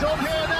Job here now.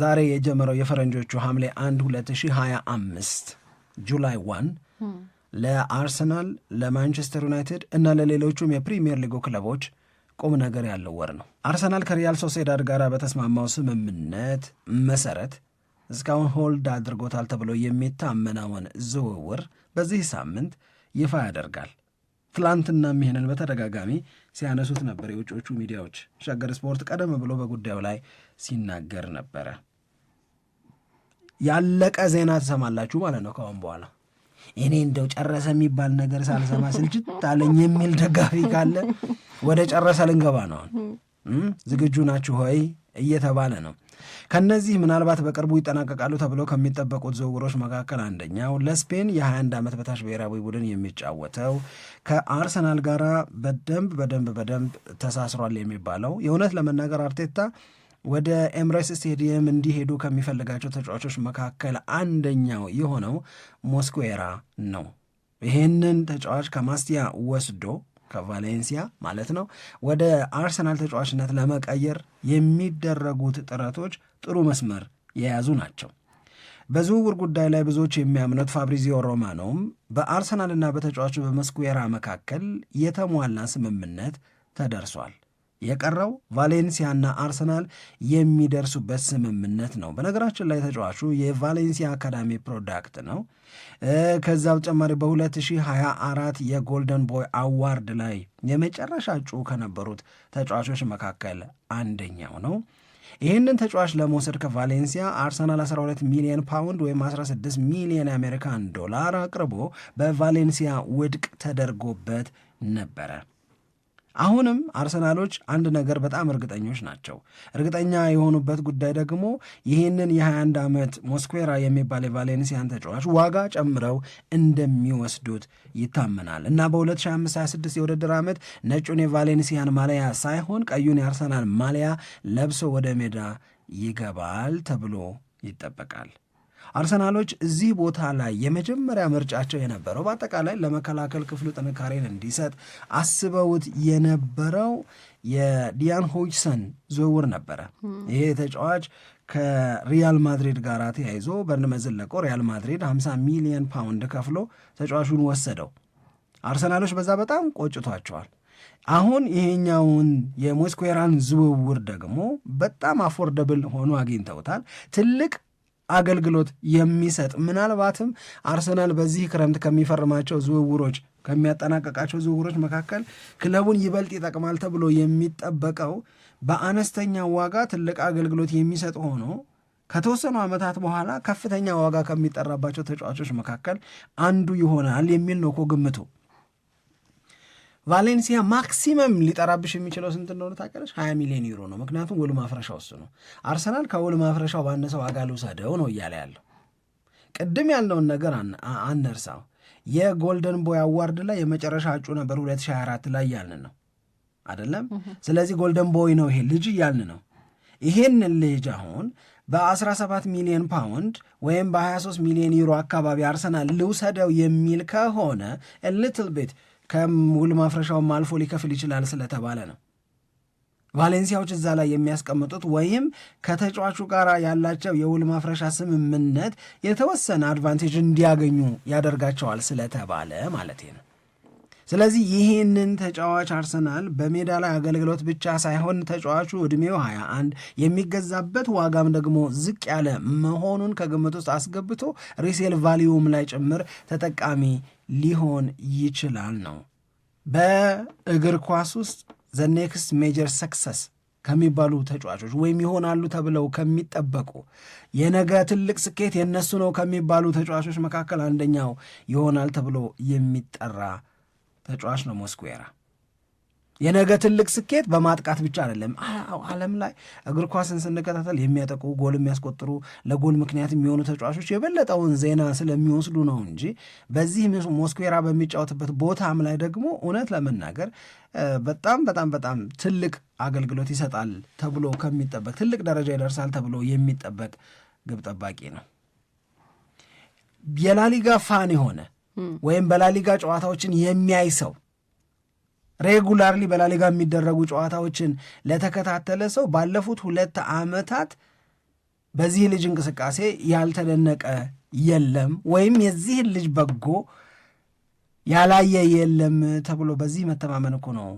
ዛሬ የጀመረው የፈረንጆቹ ሐምሌ 1 2025 ጁላይ 1 ለአርሰናል፣ ለማንቸስተር ዩናይትድ እና ለሌሎቹም የፕሪምየር ሊጉ ክለቦች ቁም ነገር ያለው ወር ነው። አርሰናል ከሪያል ሶሴዳድ ጋር በተስማማው ስምምነት መሰረት እስካሁን ሆልድ አድርጎታል ተብሎ የሚታመናውን ዝውውር በዚህ ሳምንት ይፋ ያደርጋል። ትላንትና ይሄንን በተደጋጋሚ ሲያነሱት ነበር የውጮቹ ሚዲያዎች። ሸገር ስፖርት ቀደም ብሎ በጉዳዩ ላይ ሲናገር ነበረ። ያለቀ ዜና ትሰማላችሁ ማለት ነው ከአሁን በኋላ እኔ እንደው ጨረሰ የሚባል ነገር ሳልሰማ ስልችት አለኝ የሚል ደጋፊ ካለ ወደ ጨረሰ ልንገባ ነው። ዝግጁ ናችሁ ሆይ እየተባለ ነው። ከነዚህ ምናልባት በቅርቡ ይጠናቀቃሉ ተብለው ከሚጠበቁት ዝውውሮች መካከል አንደኛው ለስፔን የ21 ዓመት በታች ብሔራዊ ቡድን የሚጫወተው ከአርሰናል ጋር በደንብ በደንብ በደንብ ተሳስሯል የሚባለው የእውነት ለመናገር አርቴታ ወደ ኤምሬስ ስቴዲየም እንዲሄዱ ከሚፈልጋቸው ተጫዋቾች መካከል አንደኛው የሆነው ሞስኩዌራ ነው። ይህንን ተጫዋች ከማስቲያ ወስዶ ከቫሌንሲያ ማለት ነው ወደ አርሰናል ተጫዋችነት ለመቀየር የሚደረጉት ጥረቶች ጥሩ መስመር የያዙ ናቸው። በዝውውር ጉዳይ ላይ ብዙዎች የሚያምኑት ፋብሪዚዮ ሮማኖም በአርሰናልና በተጫዋቹ በመስኩዌራ መካከል የተሟላ ስምምነት ተደርሷል የቀረው ቫሌንሲያና አርሰናል የሚደርሱበት ስምምነት ነው። በነገራችን ላይ ተጫዋቹ የቫሌንሲያ አካዳሚ ፕሮዳክት ነው። ከዛ በተጨማሪ በ2024 የጎልደን ቦይ አዋርድ ላይ የመጨረሻ እጩ ከነበሩት ተጫዋቾች መካከል አንደኛው ነው። ይህንን ተጫዋች ለመውሰድ ከቫሌንሲያ አርሰናል 12 ሚሊዮን ፓውንድ ወይም 16 ሚሊዮን የአሜሪካን ዶላር አቅርቦ በቫሌንሲያ ውድቅ ተደርጎበት ነበረ። አሁንም አርሰናሎች አንድ ነገር በጣም እርግጠኞች ናቸው። እርግጠኛ የሆኑበት ጉዳይ ደግሞ ይህንን የ21 ዓመት ሞስኩዌራ የሚባል የቫሌንሲያን ተጫዋች ዋጋ ጨምረው እንደሚወስዱት ይታመናል እና በ2025/26 የውድድር ዓመት ነጩን የቫሌንሲያን ማሊያ ሳይሆን ቀዩን የአርሰናል ማሊያ ለብሶ ወደ ሜዳ ይገባል ተብሎ ይጠበቃል። አርሰናሎች እዚህ ቦታ ላይ የመጀመሪያ ምርጫቸው የነበረው በአጠቃላይ ለመከላከል ክፍሉ ጥንካሬን እንዲሰጥ አስበውት የነበረው የዲያን ሆጅሰን ዝውውር ነበረ። ይሄ ተጫዋች ከሪያል ማድሪድ ጋር ተያይዞ በርንመዝን ለቆ ሪያል ማድሪድ 50 ሚሊዮን ፓውንድ ከፍሎ ተጫዋቹን ወሰደው። አርሰናሎች በዛ በጣም ቆጭቷቸዋል። አሁን ይሄኛውን የሞስኩዌራን ዝውውር ደግሞ በጣም አፎርደብል ሆኖ አግኝተውታል። ትልቅ አገልግሎት የሚሰጥ ምናልባትም አርሰናል በዚህ ክረምት ከሚፈርማቸው ዝውውሮች ከሚያጠናቀቃቸው ዝውውሮች መካከል ክለቡን ይበልጥ ይጠቅማል ተብሎ የሚጠበቀው በአነስተኛ ዋጋ ትልቅ አገልግሎት የሚሰጥ ሆኖ ከተወሰኑ ዓመታት በኋላ ከፍተኛ ዋጋ ከሚጠራባቸው ተጫዋቾች መካከል አንዱ ይሆናል የሚል ነው እኮ ግምቱ። ቫሌንሲያ ማክሲመም ሊጠራብሽ የሚችለው ስንት እንደሆነ ታውቂያለሽ? ሀያ ሚሊዮን ዩሮ ነው። ምክንያቱም ውል ማፍረሻው ውስጥ ነው። አርሰናል ከውል ማፍረሻው ባነሰ ዋጋ ልውሰደው ነው እያለ ያለው። ቅድም ያለውን ነገር አነርሳው። የጎልደን ቦይ አዋርድ ላይ የመጨረሻ እጩ ነበር 2024 ላይ እያልን ነው አደለም? ስለዚህ ጎልደን ቦይ ነው ይሄ ልጅ እያልን ነው። ይሄን ልጅ አሁን በ17 ሚሊዮን ፓውንድ ወይም በ23 ሚሊዮን ዩሮ አካባቢ አርሰናል ልውሰደው የሚል ከሆነ ሊትል ቤት ከውል ማፍረሻውም አልፎ ሊከፍል ይችላል ስለተባለ ነው። ቫሌንሲያዎች እዛ ላይ የሚያስቀምጡት ወይም ከተጫዋቹ ጋር ያላቸው የውል ማፍረሻ ስምምነት የተወሰነ አድቫንቴጅ እንዲያገኙ ያደርጋቸዋል ስለተባለ ማለት ነው። ስለዚህ ይህንን ተጫዋች አርሰናል በሜዳ ላይ አገልግሎት ብቻ ሳይሆን ተጫዋቹ ዕድሜው 21 የሚገዛበት ዋጋም ደግሞ ዝቅ ያለ መሆኑን ከግምት ውስጥ አስገብቶ ሪሴል ቫሊዩም ላይ ጭምር ተጠቃሚ ሊሆን ይችላል ነው። በእግር ኳስ ውስጥ ዘ ሜጀር ሰክሰስ ከሚባሉ ተጫዋቾች ወይም ይሆናሉ ተብለው ከሚጠበቁ የነገ ትልቅ ስኬት የነሱ ነው ከሚባሉ ተጫዋቾች መካከል አንደኛው ይሆናል ተብሎ የሚጠራ ተጫዋች ነው ሞስኩዌራ። የነገ ትልቅ ስኬት በማጥቃት ብቻ አይደለም። ዓለም ላይ እግር ኳስን ስንከታተል የሚያጠቁ ጎል የሚያስቆጥሩ ለጎል ምክንያት የሚሆኑ ተጫዋቾች የበለጠውን ዜና ስለሚወስዱ ነው እንጂ በዚህ ሞስኩዌራ በሚጫወትበት ቦታም ላይ ደግሞ እውነት ለመናገር በጣም በጣም በጣም ትልቅ አገልግሎት ይሰጣል ተብሎ ከሚጠበቅ ትልቅ ደረጃ ይደርሳል ተብሎ የሚጠበቅ ግብ ጠባቂ ነው። የላሊጋ ፋን የሆነ ወይም በላሊጋ ጨዋታዎችን የሚያይ ሰው ሬጉላርሊ በላሊጋ የሚደረጉ ጨዋታዎችን ለተከታተለ ሰው ባለፉት ሁለት ዓመታት በዚህ ልጅ እንቅስቃሴ ያልተደነቀ የለም ወይም የዚህን ልጅ በጎ ያላየ የለም ተብሎ በዚህ መተማመን እኮ ነው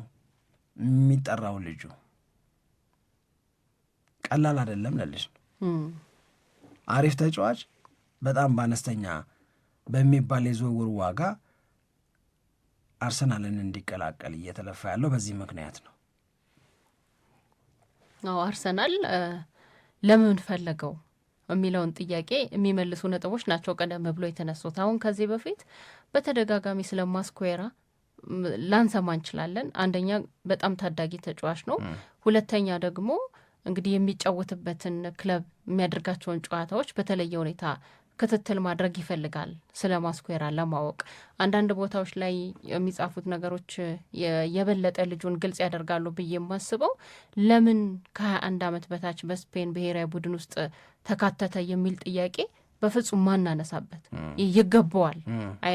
የሚጠራው ልጁ። ቀላል አይደለም ለልጅ አሪፍ ተጫዋች በጣም በአነስተኛ በሚባል የዝውውር ዋጋ አርሰናልን እንዲቀላቀል እየተለፋ ያለው በዚህ ምክንያት ነው። አዎ አርሰናል ለምን ፈለገው የሚለውን ጥያቄ የሚመልሱ ነጥቦች ናቸው ቀደም ብሎ የተነሱት። አሁን ከዚህ በፊት በተደጋጋሚ ስለ ማስኩዌራ ላንሰማ እንችላለን። አንደኛ በጣም ታዳጊ ተጫዋች ነው፣ ሁለተኛ ደግሞ እንግዲህ የሚጫወትበትን ክለብ የሚያደርጋቸውን ጨዋታዎች በተለየ ሁኔታ ክትትል ማድረግ ይፈልጋል። ስለ ማስኩዌራ ለማወቅ አንዳንድ ቦታዎች ላይ የሚጻፉት ነገሮች የበለጠ ልጁን ግልጽ ያደርጋሉ ብዬ የማስበው ለምን ከሀያ አንድ ዓመት በታች በስፔን ብሔራዊ ቡድን ውስጥ ተካተተ የሚል ጥያቄ በፍጹም ማናነሳበት ይገባዋል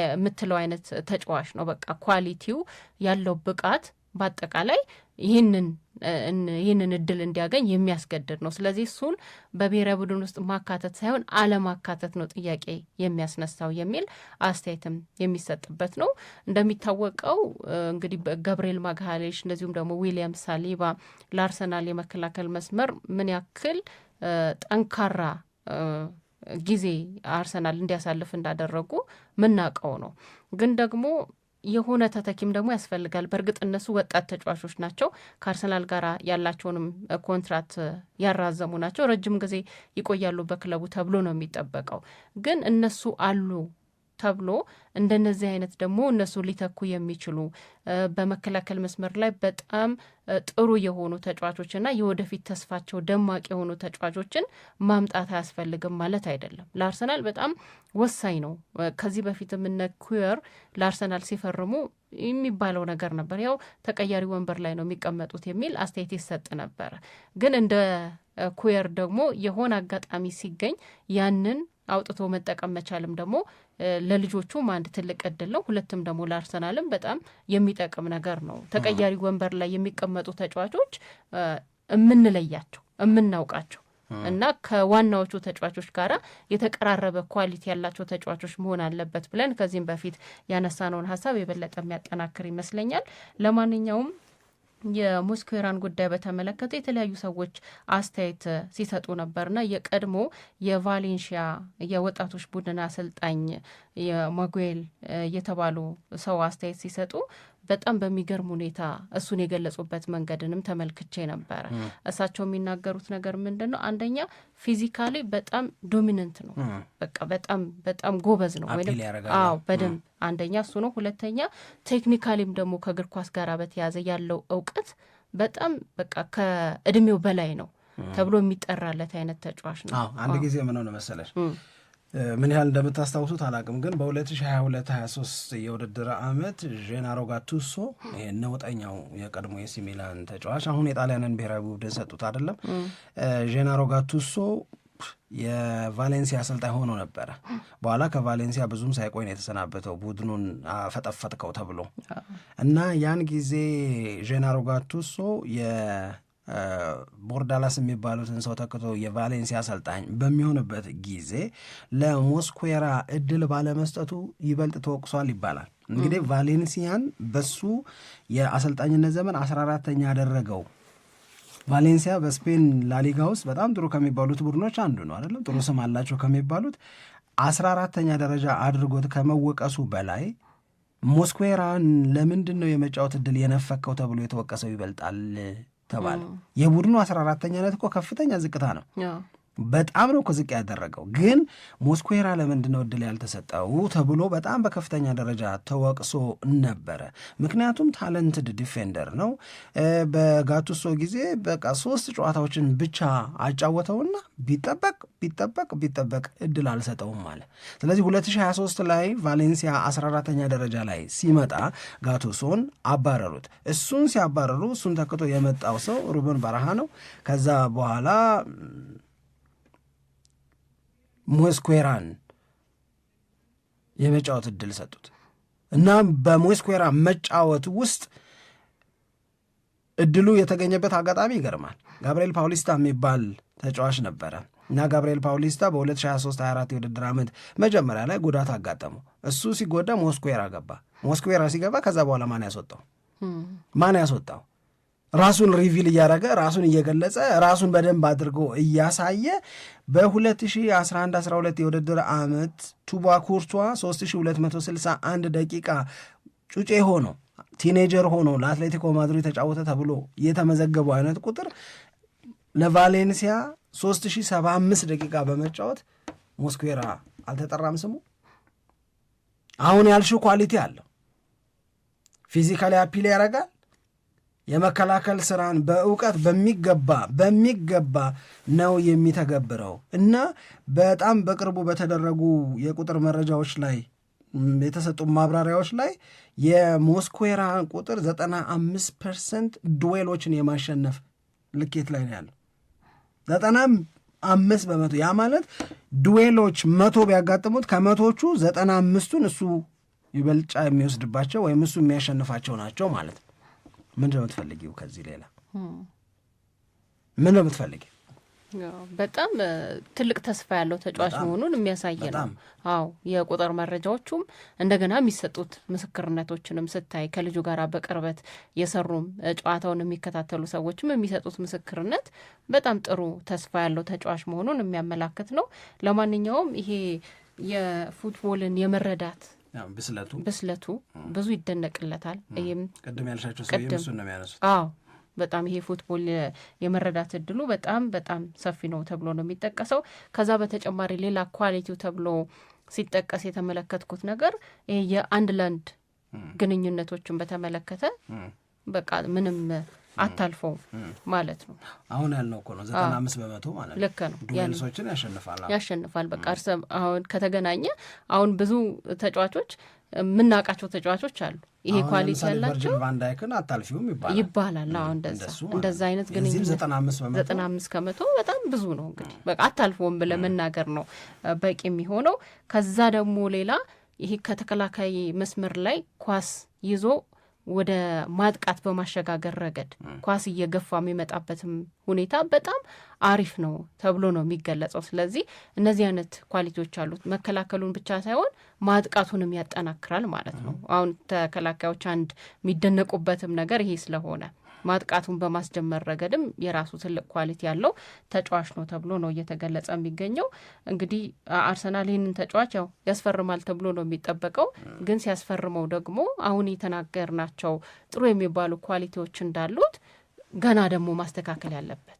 የምትለው አይነት ተጫዋች ነው። በቃ ኳሊቲው ያለው ብቃት በአጠቃላይ ይህንን ይህንን እድል እንዲያገኝ የሚያስገድድ ነው። ስለዚህ እሱን በብሔራዊ ቡድን ውስጥ ማካተት ሳይሆን አለማካተት ነው ጥያቄ የሚያስነሳው የሚል አስተያየትም የሚሰጥበት ነው። እንደሚታወቀው እንግዲህ ገብርኤል ማግሃሌሽ እንደዚሁም ደግሞ ዊሊያም ሳሊባ ለአርሰናል የመከላከል መስመር ምን ያክል ጠንካራ ጊዜ አርሰናል እንዲያሳልፍ እንዳደረጉ ምናውቀው ነው ግን ደግሞ የሆነ ተተኪም ደግሞ ያስፈልጋል። በእርግጥ እነሱ ወጣት ተጫዋቾች ናቸው። ከአርሰናል ጋር ያላቸውንም ኮንትራት ያራዘሙ ናቸው። ረጅም ጊዜ ይቆያሉ በክለቡ ተብሎ ነው የሚጠበቀው። ግን እነሱ አሉ ተብሎ እንደነዚህ አይነት ደግሞ እነሱ ሊተኩ የሚችሉ በመከላከል መስመር ላይ በጣም ጥሩ የሆኑ ተጫዋቾችና የወደፊት ተስፋቸው ደማቅ የሆኑ ተጫዋቾችን ማምጣት አያስፈልግም ማለት አይደለም። ለአርሰናል በጣም ወሳኝ ነው። ከዚህ በፊት እነ ኩዌር ለአርሰናል ሲፈርሙ የሚባለው ነገር ነበር፣ ያው ተቀያሪ ወንበር ላይ ነው የሚቀመጡት የሚል አስተያየት ይሰጥ ነበር ግን እንደ ኩዌር ደግሞ የሆነ አጋጣሚ ሲገኝ ያንን አውጥቶ መጠቀም መቻልም ደግሞ ለልጆቹም አንድ ትልቅ እድል ነው። ሁለትም ደግሞ ለአርሰናልም በጣም የሚጠቅም ነገር ነው። ተቀያሪ ወንበር ላይ የሚቀመጡ ተጫዋቾች የምንለያቸው የምናውቃቸው እና ከዋናዎቹ ተጫዋቾች ጋር የተቀራረበ ኳሊቲ ያላቸው ተጫዋቾች መሆን አለበት ብለን ከዚህም በፊት ያነሳነውን ሀሳብ የበለጠ የሚያጠናክር ይመስለኛል። ለማንኛውም የሙስኩዌራን ጉዳይ በተመለከተ የተለያዩ ሰዎች አስተያየት ሲሰጡ ነበርና የቀድሞ የቫሌንሺያ የወጣቶች ቡድን አሰልጣኝ የማጉዌል የተባሉ ሰው አስተያየት ሲሰጡ በጣም በሚገርም ሁኔታ እሱን የገለጹበት መንገድንም ተመልክቼ ነበረ። እሳቸው የሚናገሩት ነገር ምንድን ነው? አንደኛ ፊዚካሊ በጣም ዶሚነንት ነው፣ በቃ በጣም በጣም ጎበዝ ነው ወይም አዎ፣ በደንብ አንደኛ እሱ ነው። ሁለተኛ ቴክኒካሊም ደግሞ ከእግር ኳስ ጋር በተያያዘ ያለው እውቀት በጣም በቃ ከእድሜው በላይ ነው ተብሎ የሚጠራለት አይነት ተጫዋች ነው። አንድ ጊዜ ምን ሆነ መሰለሽ ምን ያህል እንደምታስታውሱት አላቅም፣ ግን በ2022/23 የውድድር ዓመት ጄናሮ ጋቱሶ ነውጠኛው የቀድሞ የሲ ሚላን ተጫዋች አሁን የጣሊያንን ብሔራዊ ቡድን ሰጡት አይደለም። ጄናሮ ጋቱሶ የቫሌንሲያ አሰልጣኝ ሆኖ ነበረ። በኋላ ከቫሌንሲያ ብዙም ሳይቆይ ነው የተሰናበተው። ቡድኑን አፈጠፈጥከው ተብሎ እና ያን ጊዜ ጄናሮ ጋቱሶ ቦርዳላስ የሚባሉትን ሰው ተክቶ የቫሌንሲያ አሰልጣኝ በሚሆንበት ጊዜ ለሞስኩዌራ እድል ባለመስጠቱ ይበልጥ ተወቅሷል ይባላል። እንግዲህ ቫሌንሲያን በሱ የአሰልጣኝነት ዘመን አስራ አራተኛ ያደረገው ቫሌንሲያ በስፔን ላሊጋ ውስጥ በጣም ጥሩ ከሚባሉት ቡድኖች አንዱ ነው አይደለም። ጥሩ ስም አላቸው ከሚባሉት አስራ አራተኛ ደረጃ አድርጎት ከመወቀሱ በላይ ሞስኩዌራን ለምንድን ነው የመጫወት እድል የነፈከው ተብሎ የተወቀሰው ይበልጣል። ተባለ። የቡድኑ አስራ አራተኛ እኮ ከፍተኛ ዝቅታ ነው። በጣም ነው እኮ ያደረገው። ግን ሞስኩዌራ ለምንድን ነው እድል ያልተሰጠው ተብሎ በጣም በከፍተኛ ደረጃ ተወቅሶ ነበረ። ምክንያቱም ታለንትድ ዲፌንደር ነው። በጋቱሶ ጊዜ በቃ ሶስት ጨዋታዎችን ብቻ አጫወተውና ቢጠበቅ ቢጠበቅ ቢጠበቅ እድል አልሰጠውም አለ። ስለዚህ 2023 ላይ ቫሌንሲያ 14ተኛ ደረጃ ላይ ሲመጣ ጋቱሶን አባረሩት። እሱን ሲያባረሩ እሱን ተክቶ የመጣው ሰው ሩበን በረሃ ነው። ከዛ በኋላ ሞስኩዌራን የመጫወት እድል ሰጡት እና በሞስኩዌራ መጫወት ውስጥ እድሉ የተገኘበት አጋጣሚ ይገርማል። ጋብርኤል ፓውሊስታ የሚባል ተጫዋች ነበረ እና ጋብርኤል ፓውሊስታ በ2023/24 የውድድር ዓመት መጀመሪያ ላይ ጉዳት አጋጠመው። እሱ ሲጎዳ ሞስኩዌራ ገባ። ሞስኩዌራ ሲገባ ከዛ በኋላ ማን ያስወጣው? ማን ያስወጣው? ራሱን ሪቪል እያደረገ ራሱን እየገለጸ ራሱን በደንብ አድርጎ እያሳየ በ2011/12 የውድድር ዓመት ቱባ ኩርቷ 3261 ደቂቃ ጩጬ ሆኖ ቲኔጀር ሆኖ ለአትሌቲኮ ማድሪድ ተጫወተ ተብሎ የተመዘገበው አይነት ቁጥር ለቫሌንሲያ 3075 ደቂቃ በመጫወት ሞስኩዌራ አልተጠራም ስሙ። አሁን ያልሽው ኳሊቲ አለው። ፊዚካሊ አፒል ያረጋል የመከላከል ስራን በእውቀት በሚገባ በሚገባ ነው የሚተገብረው እና በጣም በቅርቡ በተደረጉ የቁጥር መረጃዎች ላይ የተሰጡ ማብራሪያዎች ላይ የሞስኩዌራ ቁጥር 95 ፐርሰንት ዱዌሎችን የማሸነፍ ልኬት ላይ ነው ያለው። አምስት በመቶ ያ ማለት ዱዌሎች መቶ ቢያጋጥሙት ከመቶቹ ዘጠና አምስቱን እሱ ይበልጫ የሚወስድባቸው ወይም እሱ የሚያሸንፋቸው ናቸው ማለት ነው። ምንድን ነው የምትፈልጊው? ከዚህ ሌላ ምን ነው የምትፈልጊው? በጣም ትልቅ ተስፋ ያለው ተጫዋች መሆኑን የሚያሳይ ነው። አዎ የቁጥር መረጃዎቹም እንደገና የሚሰጡት ምስክርነቶችንም ስታይ ከልጁ ጋር በቅርበት የሰሩም ጨዋታውን የሚከታተሉ ሰዎችም የሚሰጡት ምስክርነት በጣም ጥሩ ተስፋ ያለው ተጫዋች መሆኑን የሚያመላክት ነው። ለማንኛውም ይሄ የፉትቦልን የመረዳት ብስለቱ ብስለቱ ብዙ ይደነቅለታል። ይህም ቅድም ያልሻቸው ሰው እሱን ነው የሚያነሱት። አዎ በጣም ይሄ ፉትቦል የመረዳት እድሉ በጣም በጣም ሰፊ ነው ተብሎ ነው የሚጠቀሰው። ከዛ በተጨማሪ ሌላ ኳሊቲው ተብሎ ሲጠቀስ የተመለከትኩት ነገር የአንድ ለአንድ ግንኙነቶችን በተመለከተ በቃ ምንም አታልፈውም ማለት ነው። አሁን ያልነው እኮ ነው ዘጠና አምስት በመቶ ማለት ነው። ልክ ነው። ዱዌልሶችን ያሸንፋል ያሸንፋል። በቃ እርሰ አሁን ከተገናኘ አሁን ብዙ ተጫዋቾች የምናውቃቸው ተጫዋቾች አሉ። ይሄ ኳሊቲ ያላቸው ቫንዳይክን አታልፊውም ይባላል ይባላል። አሁ እንደዛ እንደዛ አይነት ግንኙነት ዘጠና አምስት ከመቶ በጣም ብዙ ነው። እንግዲህ በቃ አታልፎም ብለህ መናገር ነው በቂ የሚሆነው። ከዛ ደግሞ ሌላ ይሄ ከተከላካይ መስመር ላይ ኳስ ይዞ ወደ ማጥቃት በማሸጋገር ረገድ ኳስ እየገፋ የሚመጣበትም ሁኔታ በጣም አሪፍ ነው ተብሎ ነው የሚገለጸው። ስለዚህ እነዚህ አይነት ኳሊቲዎች አሉት። መከላከሉን ብቻ ሳይሆን ማጥቃቱንም ያጠናክራል ማለት ነው። አሁን ተከላካዮች አንድ የሚደነቁበትም ነገር ይሄ ስለሆነ ማጥቃቱን በማስጀመር ረገድም የራሱ ትልቅ ኳሊቲ ያለው ተጫዋች ነው ተብሎ ነው እየተገለጸ የሚገኘው። እንግዲህ አርሰናል ይህንን ተጫዋች ያው ያስፈርማል ተብሎ ነው የሚጠበቀው። ግን ሲያስፈርመው ደግሞ አሁን የተናገርናቸው ጥሩ የሚባሉ ኳሊቲዎች እንዳሉት ገና ደግሞ ማስተካከል ያለበት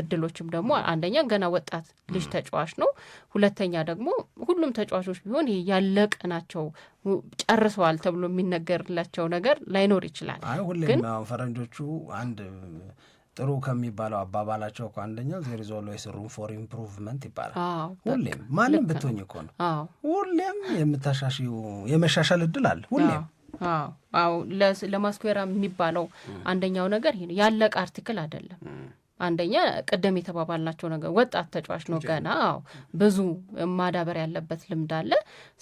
እድሎችም ደግሞ አንደኛ ገና ወጣት ልጅ ተጫዋች ነው። ሁለተኛ ደግሞ ሁሉም ተጫዋቾች ቢሆን ይሄ ያለቀ ናቸው ጨርሰዋል ተብሎ የሚነገርላቸው ነገር ላይኖር ይችላል። ግን ፈረንጆቹ አንድ ጥሩ ከሚባለው አባባላቸው እኮ አንደኛው ዜር ኢዝ ሩም ፎር ኢምፕሩቭመንት ይባላል። ሁሌም ማንም ብትሆኝ እኮ ነው ሁሌም የምታሻሽው የመሻሻል እድል አለ ሁሌም አዎ ለማስኩዌራ የሚባለው አንደኛው ነገር ይሄ ነው። ያለቀ አርቲክል አይደለም። አንደኛ ቅድም የተባባልናቸው ነገር ወጣት ተጫዋች ነው ገና። አዎ ብዙ ማዳበር ያለበት ልምድ አለ።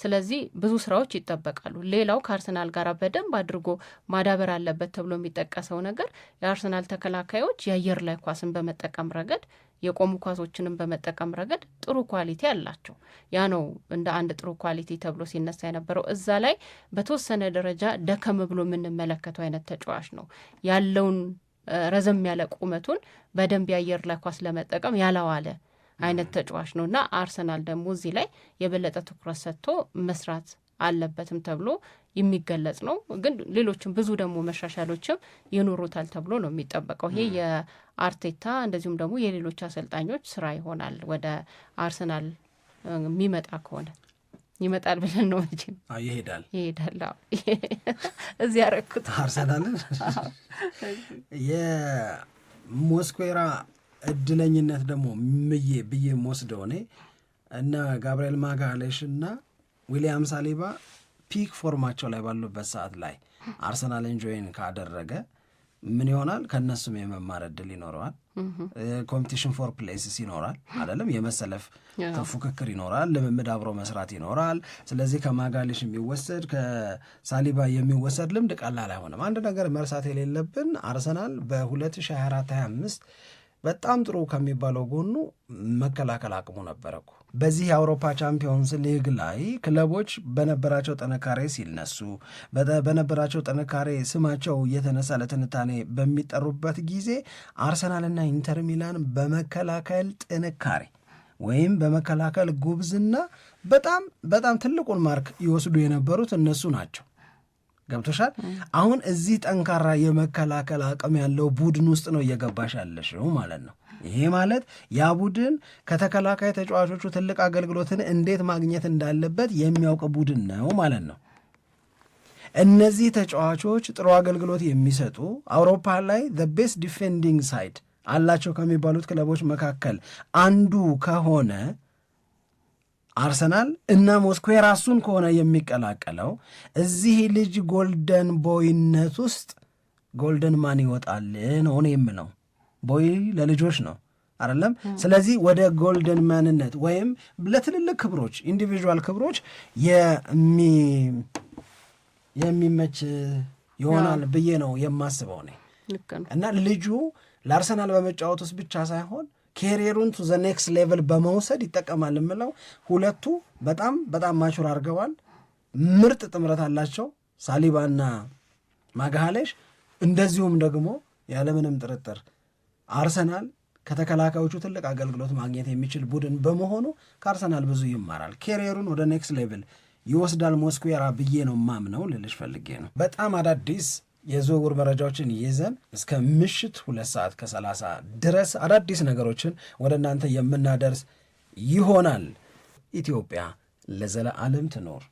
ስለዚህ ብዙ ስራዎች ይጠበቃሉ። ሌላው ከአርሰናል ጋር በደንብ አድርጎ ማዳበር አለበት ተብሎ የሚጠቀሰው ነገር የአርሰናል ተከላካዮች የአየር ላይ ኳስን በመጠቀም ረገድ የቆሙ ኳሶችንም በመጠቀም ረገድ ጥሩ ኳሊቲ አላቸው። ያ ነው እንደ አንድ ጥሩ ኳሊቲ ተብሎ ሲነሳ የነበረው። እዛ ላይ በተወሰነ ደረጃ ደከም ብሎ የምንመለከተው አይነት ተጫዋች ነው ያለውን ረዘም ያለ ቁመቱን በደንብ የአየር ላይ ኳስ ለመጠቀም ያላዋለ አይነት ተጫዋች ነው እና አርሰናል ደግሞ እዚህ ላይ የበለጠ ትኩረት ሰጥቶ መስራት አለበትም ተብሎ የሚገለጽ ነው። ግን ሌሎችም ብዙ ደግሞ መሻሻሎችም ይኖሩታል ተብሎ ነው የሚጠበቀው። ይሄ የአርቴታ እንደዚሁም ደግሞ የሌሎች አሰልጣኞች ስራ ይሆናል ወደ አርሰናል የሚመጣ ከሆነ ይመጣል ብለን ነው መቼም። ይሄዳል ይሄዳል። እዚህ ያረኩት አርሰናልን የሞስኩዌራ እድለኝነት ደግሞ ምዬ ብዬ የምወስደው እኔ እነ ጋብርኤል ማጋሌሽ እና ዊሊያም ሳሊባ ፒክ ፎርማቸው ላይ ባሉበት ሰዓት ላይ አርሰናልን ጆይን ካደረገ ምን ይሆናል? ከእነሱም የመማር እድል ይኖረዋል። ኮምፒቲሽን ፎር ፕሌስስ ይኖራል አይደለም፣ የመሰለፍ ፉክክር ይኖራል፣ ልምምድ አብሮ መስራት ይኖራል። ስለዚህ ከማጋሊሽ የሚወሰድ ከሳሊባ የሚወሰድ ልምድ ቀላል አይሆንም። አንድ ነገር መርሳት የሌለብን አርሰናል በ2024/25 በጣም ጥሩ ከሚባለው ጎኑ መከላከል አቅሙ ነበረ እኮ። በዚህ የአውሮፓ ቻምፒዮንስ ሊግ ላይ ክለቦች በነበራቸው ጥንካሬ ሲነሱ፣ በነበራቸው ጥንካሬ ስማቸው እየተነሳ ለትንታኔ በሚጠሩበት ጊዜ አርሰናልና ኢንተር ሚላን በመከላከል ጥንካሬ ወይም በመከላከል ጉብዝና በጣም በጣም ትልቁን ማርክ ይወስዱ የነበሩት እነሱ ናቸው። ገብቶሻል። አሁን እዚህ ጠንካራ የመከላከል አቅም ያለው ቡድን ውስጥ ነው እየገባሽ ያለሽው ማለት ነው። ይሄ ማለት ያ ቡድን ከተከላካይ ተጫዋቾቹ ትልቅ አገልግሎትን እንዴት ማግኘት እንዳለበት የሚያውቅ ቡድን ነው ማለት ነው። እነዚህ ተጫዋቾች ጥሩ አገልግሎት የሚሰጡ አውሮፓ ላይ ዘ ቤስት ዲፌንዲንግ ሳይድ አላቸው ከሚባሉት ክለቦች መካከል አንዱ ከሆነ አርሰናል እና ሞስኮ የራሱን ከሆነ የሚቀላቀለው እዚህ ልጅ ጎልደን ቦይነት ውስጥ ጎልደን ማን ይወጣል ነው እኔ የምለው። ቦይ ለልጆች ነው አይደለም። ስለዚህ ወደ ጎልደን ማንነት ወይም ለትልልቅ ክብሮች ኢንዲቪዥዋል ክብሮች የሚመች ይሆናል ብዬ ነው የማስበው እኔ እና ልጁ ለአርሰናል በመጫወት ውስጥ ብቻ ሳይሆን ኬሪየሩን ቱ ዘ ኔክስት ሌቨል በመውሰድ ይጠቀማል የምለው ሁለቱ በጣም በጣም ማቹር አድርገዋል። ምርጥ ጥምረት አላቸው ሳሊባና ማግሃሌሽ። እንደዚሁም ደግሞ ያለምንም ጥርጥር አርሰናል ከተከላካዮቹ ትልቅ አገልግሎት ማግኘት የሚችል ቡድን በመሆኑ ከአርሰናል ብዙ ይማራል። ኬሪየሩን ወደ ኔክስት ሌቭል ይወስዳል ሞስኩዌራ ብዬ ነው ማምነው ልልሽ ፈልጌ ነው። በጣም አዳዲስ የዝውውር መረጃዎችን ይዘን እስከ ምሽት ሁለት ሰዓት ከሰላሳ ድረስ አዳዲስ ነገሮችን ወደ እናንተ የምናደርስ ይሆናል። ኢትዮጵያ ለዘለዓለም ትኖር።